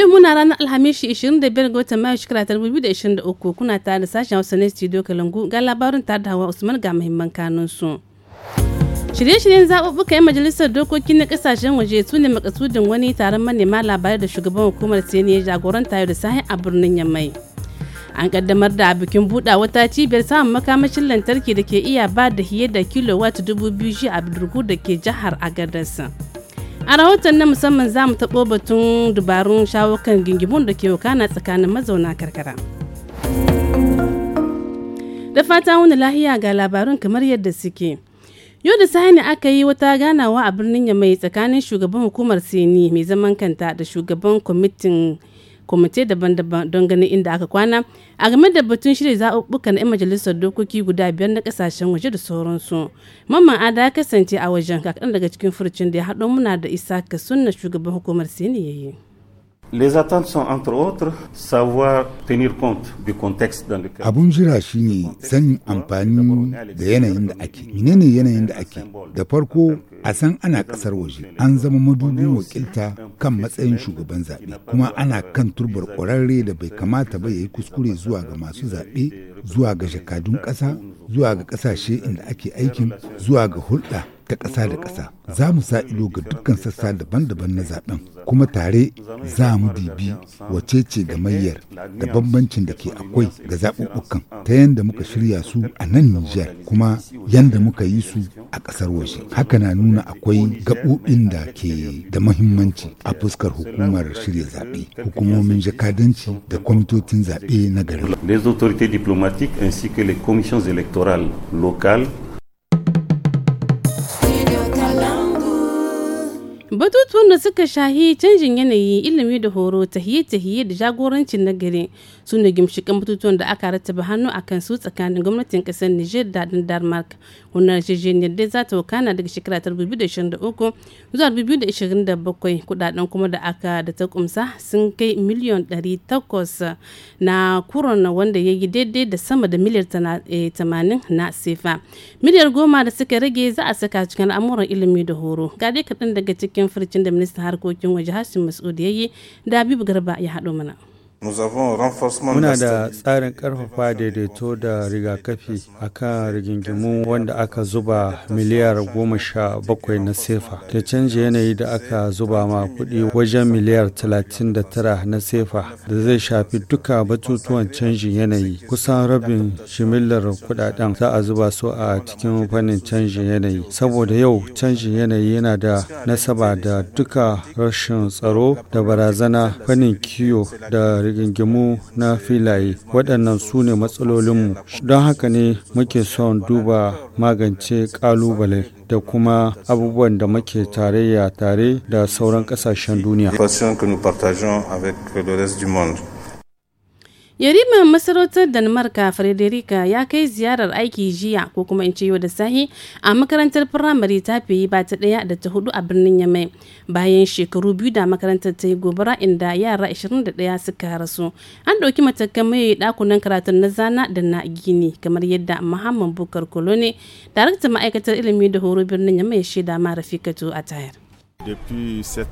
Yau muna ranar Alhamis 25 ga watan Mayu shekara 2023 kuna tare da sashen Hausa na Studio Kalangu ga labarin tare da Hawa Usman ga muhimman kanun su. Shirye-shiryen zaɓuɓɓuka 'yan majalisar dokoki na kasashen waje su ne makasudin wani taron manema labarai da shugaban hukumar Sene ya jagoranta yau da sahin a birnin Yammai. An kaddamar da bikin buɗa wata cibiyar samun makamashin lantarki da ke iya ba da hiye da kilowatt dubu biyu a birgu da ke jihar Agadarsa. a rahoton na musamman za mu taɓo batun dubarun shawukan kan gingimun da ke wakana tsakanin mazauna karkara da fata wani lahiya ga labarun kamar yadda suke yau da sahani aka yi wata ganawa a birnin ya mai tsakanin shugaban hukumar sini mai zaman kanta da shugaban kwamitin kwamite daban-daban don ganin inda aka kwana a game da batun shirya zaɓuɓɓukan 'yan majalisar dokoki guda biyar na kasashen waje da sauransu mamman ada ya kasance a wajen kaɗan daga cikin furucin da ya haɗo muna da isa ka sunna shugaban hukumar sini yayi Les attentes sont entre autres savoir tenir compte du contexte dans lequel. Abun jira shine sanin amfani da yanayin da ake. Menene yanayin da ake? Da farko a san ana kasar waje an zama madubin wakilta kan matsayin shugaban zaɓe kuma ana kan turbar ƙwararre da bai kamata ba ya yi kuskure zuwa ga masu zaɓe zuwa ga jakadun ƙasa zuwa ga ƙasashe inda ake aikin zuwa ga hulɗa ta ƙasa da ƙasa za mu sa ido ga dukkan sassa daban-daban na zaɓen kuma tare za mu dibi wace ce gamayyar da bambancin da ke akwai ga zaɓuɓɓukan ta yadda muka shirya su a nan Nijar kuma yadda muka yi su a ƙasar waje haka na nuna akwai gaɓoɓin da ke da mahimmanci a fuskar hukumar shirya zaɓe hukumomin jakadanci da kwamitocin zaɓe na garin. Les autorités diplomatiques ainsi que les commissions électorales locales batutuwan da suka shahi canjin yanayi ilimi da horo tahiye-tahiye da jagorancin nagari su ne gimshikan batutuwan da aka rataba hannu a kan su tsakanin gwamnatin kasar niger da denmark wannan yarjejeniyar dai za ta wakana daga shekara 2023 zuwa 2027 kudaden kuma da aka da ta kumsa sun kai miliyan 800 na kuron wanda ya yi daidai da sama da miliyar 80 eh, na sefa miliyar goma da suka rage za a saka cikin al'amuran ilimi da horo ga dai kaɗan daga cikin cikin furcin da ministan harkokin waje Hassan Mas'ud yayi da bibu Garba ya haɗo mana. Muna da tsarin karfafa daidaito da rigakafi a kan rigingimu wanda aka zuba miliyar goma sha bakwai na sefa da canja yanayi da aka zuba ma kuɗi wajen miliyar talatin da tara na sefa da zai shafi duka batutuwan canjin yanayi kusan rabin shimillar kuɗaɗen za a zuba su a cikin fannin canji yanayi saboda yau canjin yanayi yana da nasaba da duka rashin tsaro da barazana fannin kiyo da rigingimu na filaye waɗannan su ne matsalolinmu don haka ne muke son duba magance ƙalubale da kuma abubuwan da muke tarayya tare da sauran ƙasashen duniya. Yariman masarautar Danmarka Frederica ya kai ziyarar aiki jiya ko kuma in ce yau da sahi a makarantar firamare ta fiye ba ta ɗaya da ta hudu a birnin Yamai bayan shekaru biyu da makarantar ta yi gobara inda yara 21 suka rasu. An ɗauki matakan mai ɗakunan karatun na zana da na gini kamar yadda Muhammad Bukar Kolone, daraktan ma'aikatar ilimi da horo birnin Yamai shaida ma Rafikatu a tayar.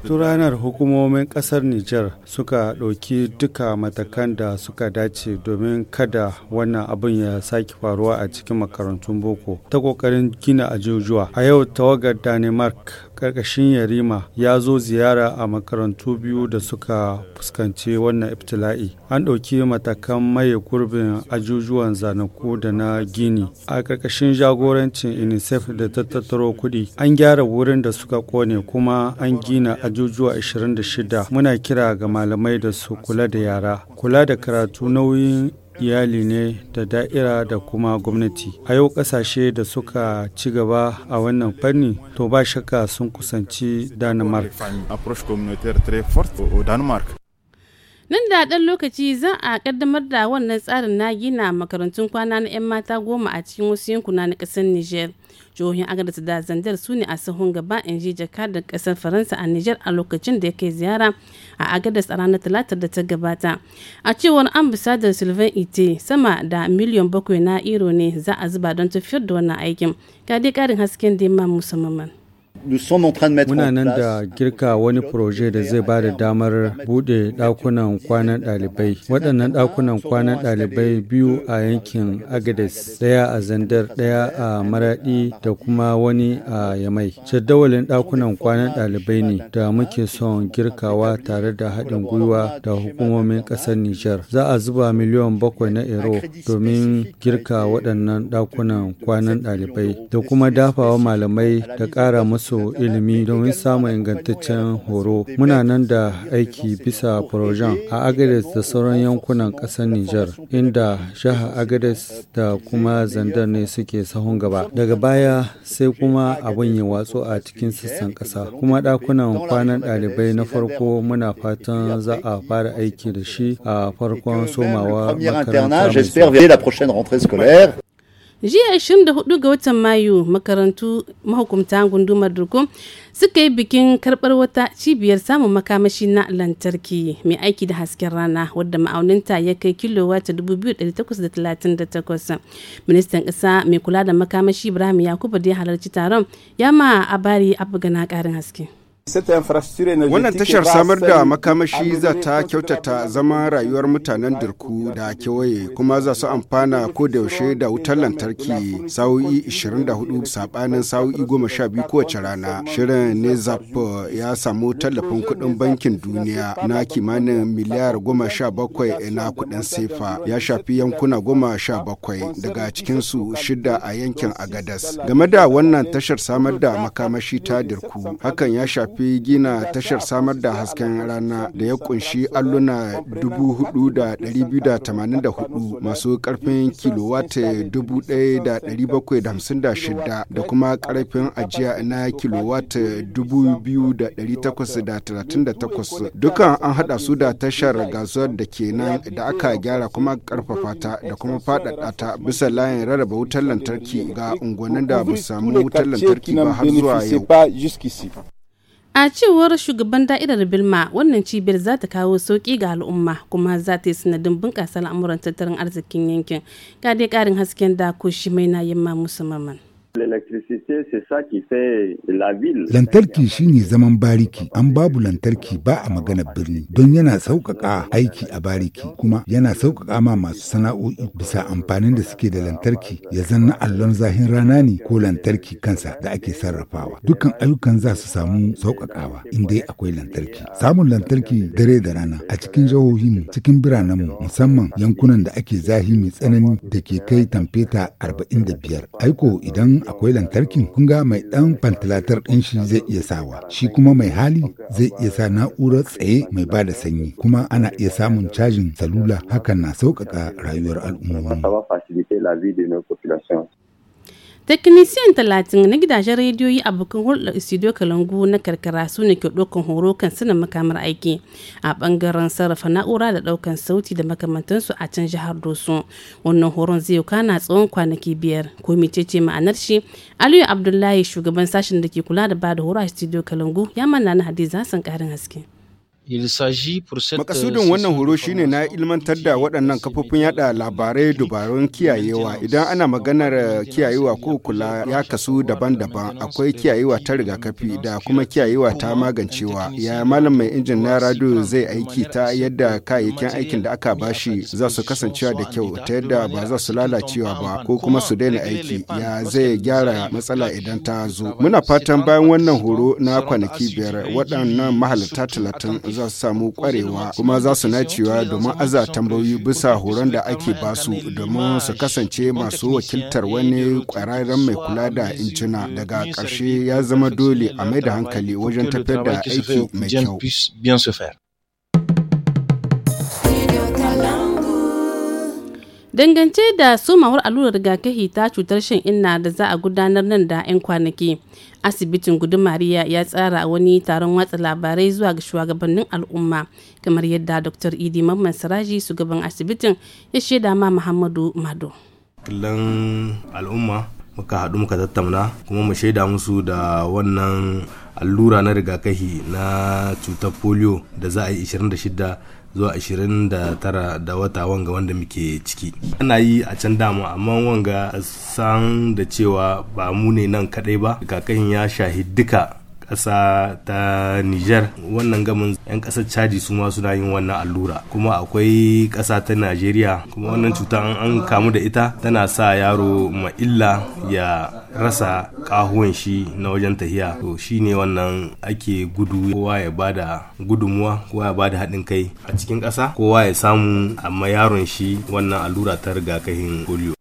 Tun ranar hukumomin kasar Nijar suka ɗauki duka matakan da suka dace domin kada wannan abin ya sake faruwa a cikin makarantun boko ta ƙoƙarin gina ajujuwa. A yau tawagar danimark karkashin yarima ya zo ziyara a makarantu biyu da suka fuskanci wannan iftila'i an ɗauki matakan maye gurbin ajujuwan zanaku da na gini a karkashin jagorancin unicef da ta tattaro kuɗi an gyara wurin da suka kone kuma an gina ajujuwa 26 muna kira ga malamai da su kula da yara kula da karatu nauyin iyali ne da da'ira da kuma gwamnati a yau ƙasashe da suka ci gaba a wannan fanni to ba shakka sun kusanci danmark nan da ɗan lokaci za a kaddamar da wannan tsarin na gina makarantun kwana na 'yan mata goma a cikin wasu yankuna na ƙasar niger jihohin agadas da zandar su ne a sahun gaba in ji jakadar ƙasar faransa a niger a lokacin da ya kai ziyara a agadas a ranar talatar da ta gabata a cewar ambasadar sylvain ite sama da miliyan bakwai na iro ne za a zuba don tafiyar da wannan aikin ga dai ƙarin hasken da ma musamman Muna nan da girka wani proje da zai ba da damar bude dakunan kwanan dalibai Waɗannan dakunan kwanan dalibai biyu a yankin Agades, ɗaya a Zandar, ɗaya a Maraɗi da kuma wani a Yamai. Jaddawalin dakunan kwanan dalibai ne da muke son girkawa tare da haɗin gwiwa da hukumomin ƙasar Nijar. Za a zuba miliyan bakwai na ero domin girka waɗannan dakunan kwanan ɗalibai da kuma dafawa malamai da ƙara musu su ilimi domin samun ingantaccen horo. Muna nan da aiki bisa Projan a Agades da sauran yankunan ƙasar Nijar, inda shaha Agades da kuma Zandar ne suke sahun gaba. Daga baya sai kuma abin yi watsu a cikin sassan kasa Kuma ɗakunan kwanan ɗalibai na farko muna fatan za a fara aiki da shi a farkon somawa makaranta. jiya 24 ga watan mayu makarantu mahukumta gundumar durkum suka yi bikin karbar wata cibiyar samun makamashi na lantarki mai aiki da hasken rana wadda ma'auninta ya kai kilowata 2838 ministan ƙasa mai kula da makamashi ibrahim yakubu da ya halarci taron ya ma abari abu gana ƙarin haske Wannan tashar samar da makamashi za ta kyautata zama rayuwar mutanen Dirku da kewaye kuma za su amfana ko da yaushe da wutar lantarki sa'o'i 24 sabanin sa'o'i 12 kowace rana. Shirin Nezap ya samu tallafin kuɗin bankin duniya na kimanin miliyar 17 na kuɗin sefa ya shafi yankuna 17 daga cikinsu shida a yankin Agadas. Game da wannan tashar samar da makamashi ta Dirku hakan ya shafi shafi gina tashar samar da hasken rana da ya kunshi alluna 4,284 masu karfin kilowata 1,756 da kuma karfin ajiya na kilowata 2,838 dukan an hada su da tashar gasuwar da ke nan da aka gyara kuma karfafa ta da kuma fadada ta bisa layin rarraba wutar lantarki ga unguwannin da ba samu wutar lantarki ba har zuwa yau. a cewar shugaban da'irar bilma wannan cibiyar za ta kawo sauƙi ga al'umma kuma za ta yi sanadin bunƙasa al'amuran tattalin arzikin yankin ga dai ƙarin hasken da ko shi mai na yamma musamman Lantarki shine zaman bariki, an babu lantarki ba a magana birni don yana sauƙaƙa aiki a bariki kuma yana sauƙaƙa ma masu sana'o'i bisa amfanin da suke da lantarki ya zanna allon zahin rana ne ko lantarki kansa da ake sarrafawa. Dukkan ayyukan za su samu sauƙaƙawa in dai akwai lantarki. Samun lantarki dare da rana a cikin jihohinmu cikin biranenmu musamman yankunan da ake zahi mai tsanani da ke kai tamfeta 45. Aiko idan akwai lantarkin kunga mai ɗan fantilatar ɗin shi zai iya sawa shi kuma mai hali zai iya sa na'urar tsaye mai ba da sanyi kuma ana iya samun cajin salula hakan na sauƙaƙa rayuwar al'ummomi. Teknisiyan talatin na gidajen rediyoyi abokan hulɗar studio Kalangu na karkara su ne ke ɗaukan horo kan sanin makamar aiki a ɓangaren sarrafa na'ura da ɗaukan sauti da makamantansu a can jihar Doso. Wannan horon zai kana tsawon kwanaki biyar ko ce ma'anar shi Aliyu Abdullahi shugaban sashen da ke kula da bada horo a studio Kalangu ya mana na Hadiza san ƙarin haske. Makasudin eh, wannan horo shine na ilmantar da waɗannan kafofin yaɗa labarai dubarun kiyayewa idan ana maganar eh, kiyayewa ko kula ya kasu daban-daban akwai kiyayewa ta rigakafi da kuma kiyayewa ta magancewa ya malam mai injin na radio zai aiki ta yadda kayayyakin aikin da aka bashi za su kasancewa da kyau ta yadda ba za su lalacewa ba ko kuma su daina aiki ya zai gyara matsala idan ta zo muna fatan bayan wannan horo na kwanaki biyar waɗannan mahalarta talatin za su samu kwarewa kuma za su nacewa domin aza tambayoyi bisa horon da ake basu domin su kasance masu wakiltar wani kwararren mai kula da injina daga ƙarshe ya zama dole a mai da hankali wajen tafiyar da aiki mai kyau. dangance da somawar allurar rigakafi ta cutar shan inna da za a gudanar nan da 'yan kwanaki asibitin gudun mariya ya tsara wani taron watsa labarai zuwa ga shugabannin al'umma kamar yadda dr idi mamman siraji shugaban asibitin ya shaida ma muhammadu mado al'umma muka haɗu muka tattauna kuma mu shaida musu da wannan allura na rigakafi na cutar polio da za a yi 26 zuwa 29 da wata wanga wanda muke ciki ana yi a can dama amma wanga san da cewa ba mu ne nan kadai ba rigakafin ya shahi duka ƙasa ta Nijar wannan gamin 'yan ƙasar Chadi su ma suna yin wannan allura kuma akwai ƙasa ta Najeriya kuma wannan cuta an kamu da ita tana sa yaro mailla ya rasa kahuwan shi na wajen tahiya to shine wannan ake gudu kowa ya bada gudunmuwa kowa ya bada haɗin kai a cikin ƙasa kowa ya samu amma yaron shi wannan allura ta rigakafin polio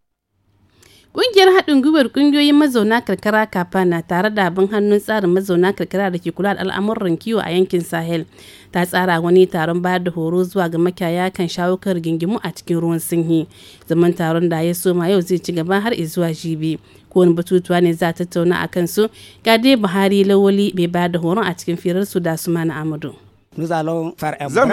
Ƙungiyar haɗin gwiwar ƙungiyoyin mazauna karkara kafa na tare da abin hannun tsarin mazauna karkara da ke kula da al'amuran kiwo a yankin Sahel. Ta tsara wani taron bayar da horo zuwa ga makiyaya kan shawo kan rigingimu a cikin ruwan sinhi. Zaman taron da ya soma yau zai ci gaba har zuwa jibi. Kowane batutuwa ne za ta tattauna a kansu. Gade Buhari Lawali bai bayar da horon a cikin firarsu da Sumana Amadu. Za mu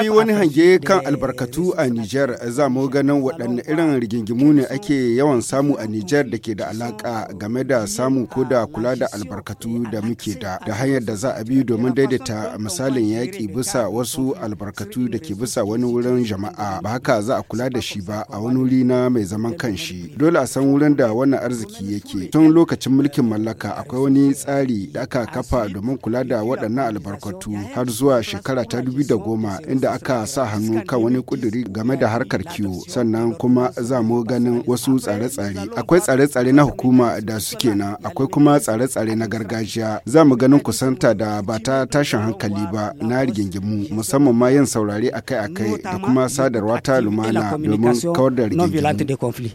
yi wani hange kan albarkatu a Nijar za mu ganin waɗanne irin rigingimu ne ake yawan samu a Nijar da ke da alaƙa game da samu ko da kula da albarkatu da muke da da hanyar da za a bi domin daidaita misalin yaƙi bisa wasu albarkatu da ke bisa wani wurin jama'a ba haka za a kula da shi ba a wani wuri na mai zaman kanshi dole a san wurin da wannan arziki yake tun lokacin mulkin mallaka akwai wani tsari da aka kafa domin kula da waɗannan albarkatu har zuwa shekara ta ta goma inda aka sa hannu kan wani kuduri game da harkar kiwo sannan kuma za mu ganin wasu tsare-tsare akwai tsare-tsare na hukuma da suke na akwai kuma tsare-tsare na gargajiya za mu ganin kusanta da ba ta tashin hankali ba na rigingimu musamman ma yin saurare akai-akai da kuma sadarwa ta lumana domin kawar da rigingimu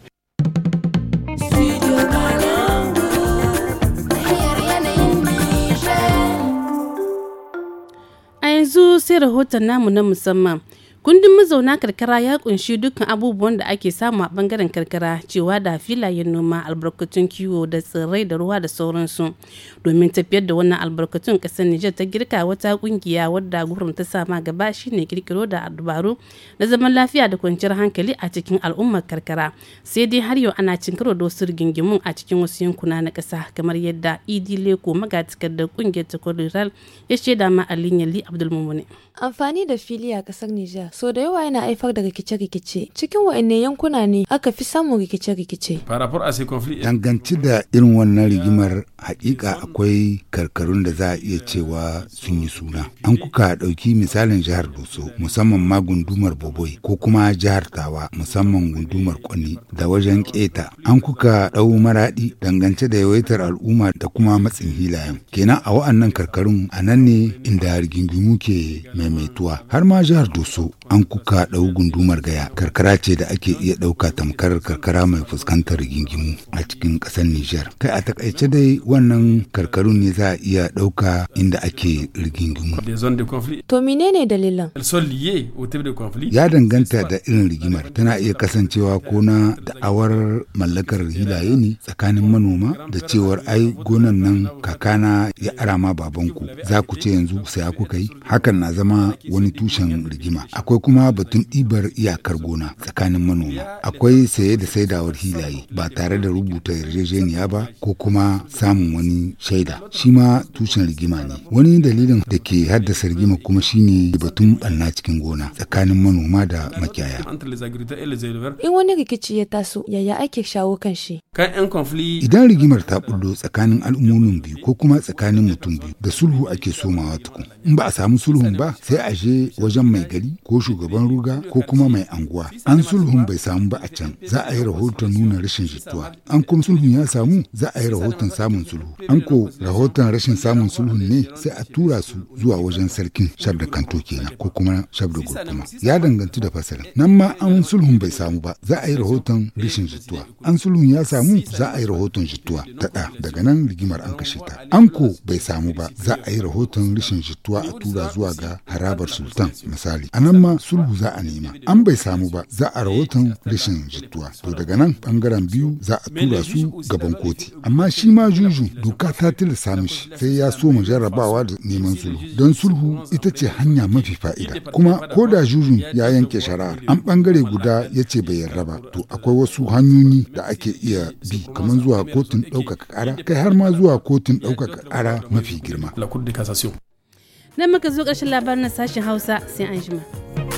yanzu sai rahoton namu na musamman Kundin mazauna karkara ya kunshi dukkan abubuwan da ake samu a bangaren karkara cewa da filayen noma albarkatun kiwo da tsirrai da ruwa da sauransu. Domin tafiyar da wannan albarkatun kasar Nijar ta girka wata kungiya wadda gurin ta sama gaba shine kirkiro da dabaru na zaman lafiya da kwanciyar hankali a cikin al'ummar karkara. Sai dai har yau ana cin karo da wasu rigingimun a cikin wasu yankuna na kasa kamar yadda Idi Leko magatakar da kungiyar ta ya shaida ma Aliyu Yali Abdulmumuni. Amfani da fili a ƙasar Nijar so da yawa yana haifar da rikice-rikice. Cikin wa'anne yankuna ne aka fi samun rikice-rikice. Danganci da irin wannan rigimar hakika akwai karkarun da za a iya cewa sun yi suna. An kuka ɗauki misalin jihar Doso musamman ma gundumar Boboi ko kuma jihar Tawa musamman gundumar Kwani da wajen Keta. An kuka ɗau maraɗi dangance da yawaitar al'umma da kuma matsin hilayen. Kenan a wa'annan karkarun a nan ne inda rigingimu ke maimaituwa har ma jihar Doso an kuka ɗau gundumar gaya karkara ce da ake iya ɗauka tamkar karkara mai fuskantar rigingimu a cikin ƙasar Nijar. Kai a takaice dai wannan karkaru ne za a iya ɗauka inda ake rigingimu. To menene dalilan? Ya danganta da irin rigimar tana iya kasancewa ko na da'awar mallakar hilaye ne tsakanin manoma da cewar ai gonan nan kakana ya arama babanku za ku ce yanzu saya kuka yi hakan na zama wani tushen rigima akwai akwai kuma batun ɗibar iyakar gona tsakanin manoma akwai saye da saidawar hilaye ba tare da rubuta yarjejeniya ba ko kuma samun wani shaida shi ma tushen rigima ne wani dalilin da ke haddasa rigima kuma shine batun ɓanna cikin gona tsakanin manoma da makiyaya in wani rikici ya taso yaya ake shawo kan shi idan rigimar ta bullo tsakanin al'ummomin biyu ko kuma tsakanin mutum biyu da sulhu ake somawa tukun in ba a samu sulhun ba sai a je wajen mai gari ko shugaban ruga ko kuma mai anguwa an sulhun bai samu ba a can za a yi rahoton nuna rashin jituwa an kuma sulhun ya samu za a yi rahoton samun sulhu an ko rahoton rashin samun sulhun ne sai a tura su zuwa wajen sarkin shabda kanto kenan ko kuma shabda gurkuma ya danganci da fasalin nan ma an sulhun bai samu ba za a yi rahoton rashin jituwa an sulhun ya samu za a yi rahoton jituwa ta daga nan rigimar an kashe ta an ko bai samu ba za a yi rahoton rashin jituwa a tura zuwa ga harabar sultan misali a nan ma sulhu za a nema an bai samu ba za a rahoton rashin jituwa to daga nan bangaren biyu za a tura su gaban koti amma shi ma juju doka ta tilasta mishi sai ya so mu jarrabawa da neman sulhu don sulhu ita ce hanya mafi fa'ida kuma ko da juju ya yanke shari'ar an bangare guda ya ce bai yarda ba to akwai wasu hanyoyi da ake iya bi kamar zuwa kotun ɗaukaka ƙara kai har ma zuwa kotun ɗaukaka ƙara mafi girma. Nan muka zo ƙarshen labarin sashen Hausa sai an jima.